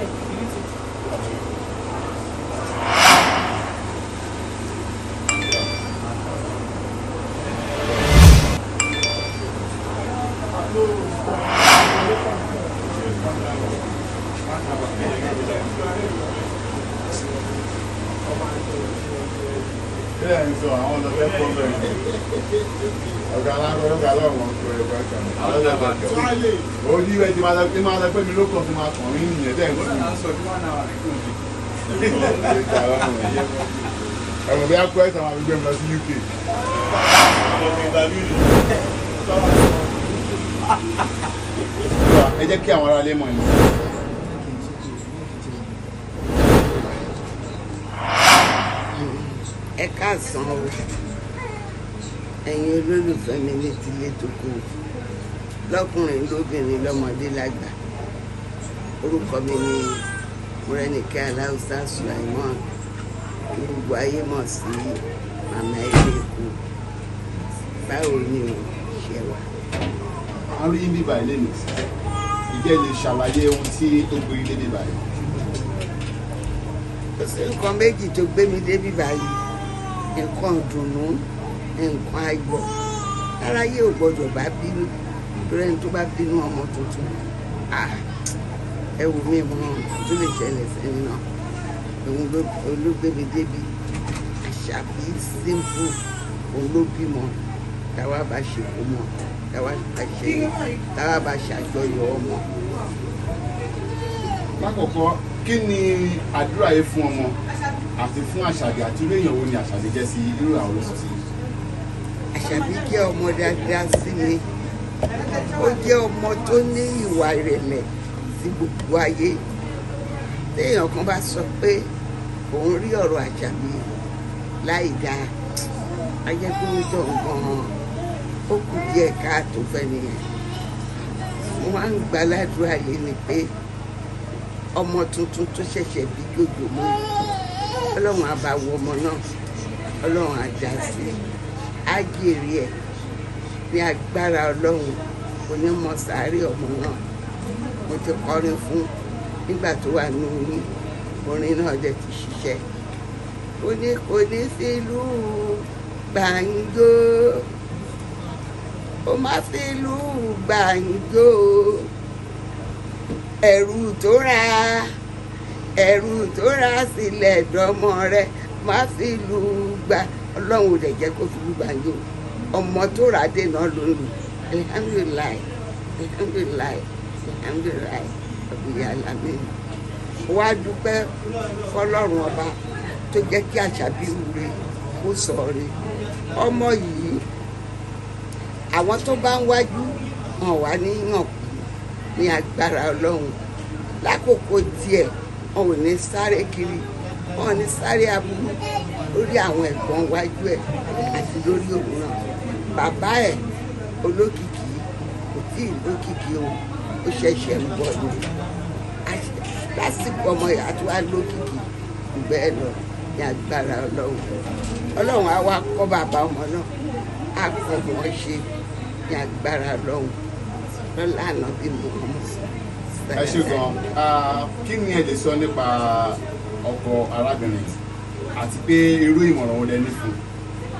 Yes. ilé ẹ̀ ń sọ àwọn ọlọ́fẹ́ pọ̀ lọ́yìn ọ̀gá alágbọ̀n ọ̀gá aláwọ̀n tó ẹ̀ bá kàn ó ní ìwé tí máa lọ pé mi ló kàn tó máa kàn rí nìyẹn dẹ́ ẹ̀rọ bí akọ ẹ̀sán máa fi gbé mi lọ sí UK. ẹ jẹ́ kí àwọn aráalé mọ̀ ní. ẹ káàsán o ẹ̀yin olólùfẹ́ mi ní tilé tó kù lọ́kùnrin lóbìnrin lọ́mọdé lágbà orúkọ mi ni Mọ́rẹ́níkẹ́ Aláùsá Sùláìmọ́n kí gbogbo ayé mọ̀ sí màmá ilé kù báwo ni o ṣe wà. a rí bíbá ilé mi sí ìjẹ́ lè ṣàlàyé ohun tí ó gbé ilé bíbá yìí. kò sí nǹkan méjì tó gbé mi dé bíbá yìí nǹkan ìdùnnú nǹkan ayọ̀ láráyé ò gbọdọ̀ bá bínú torí ẹni tó bá bínú ọmọ tuntun ẹ wò mí mọ tó lè ṣẹlẹ̀ sẹ́ni náà òun ló gbébi débi àṣàbí simple òun ló bímọ táwa bá ṣe kó mọ táwa bá ṣe táwa bá ṣàjọyọ̀ ọmọ. lákọ̀ọ́kọ́ kí ni àdúrà yìí fún ọmọ àti fún àṣàbí àti irú èèyàn wo ni àṣàbí jẹ́ sí irú àwọn olóṣèlú. àṣàbí jẹ́ ọmọ dáadáa sí mi ó jẹ́ ọmọ tó ní ìwà ìrẹ̀lẹ̀ sí gbogbo ayé téèyàn kan bá sọ pé òun rí ọ̀rọ̀ àṣàbí láì dáa ayẹ́gbẹ́rúdọ̀ gan-an ó kù díẹ̀ káàtó fẹ́ni yẹn mo máa ń gbàládùra yìí ni pé ọmọ tuntun tó ṣẹ̀ṣẹ̀ bí gbogbo mọ́ ọlọ́run àbàwọ̀ ọmọ náà ọlọ́run àjà sí á jèrè ẹ̀ ní agbára ọlọ́run onímọ̀ sáré ọmọ náà mo ti kọrin fún nígbà tó wà ní orin orin náà jẹ́ ti ṣiṣẹ́ oníkóní sílù gbàǹjo ó má sílù gbàǹjo ẹ̀rù tó ra ẹ̀rù tó rà sílẹ̀ dọ́mọ rẹ má fi lù ú gbà ọlọ́run ò dẹ̀ jẹ́ kó fi lù gbà yín o ọmọ tó rà dé náà ló ń lù alihamdulilayi alihamdulilayi alihamdulilayi ọ̀bìyàlá mi wá dúpẹ́ fọlọ́run ọba tó jẹ́ kí àṣàbí wúre kó sọ̀rí ọmọ yìí àwọn tó bá ń wájú hàn wá ní hàn ní agbára ọlọ́run lákòókò tiẹ̀ wọn ò ní sáré kiri wọn ò ní sáré aburú lórí àwọn ẹ̀gbọ́n wájú ẹ̀ àti lórí òwúrọ̀ bàbá ẹ̀ olókìkí kò tí ì lókìkí o ó ṣẹ̀ṣẹ̀ ń bọ̀ ni lásìkò ọmọ ìyá tó wá lókìkí bẹ́ẹ̀ lọ ní agbára ọlọ́run ọlọ́run á wá kọ́ bàbá ọmọ náà á kọ́ wọn ṣe ní agbára ọlọ́run lọ́lànà bí mo mọ̀ sí i ẹ ṣe gan kí ni ẹ lè sọ nípa ọkọ arábìnrin àti pé irú ìmọ̀ràn wo lẹ ní fún un.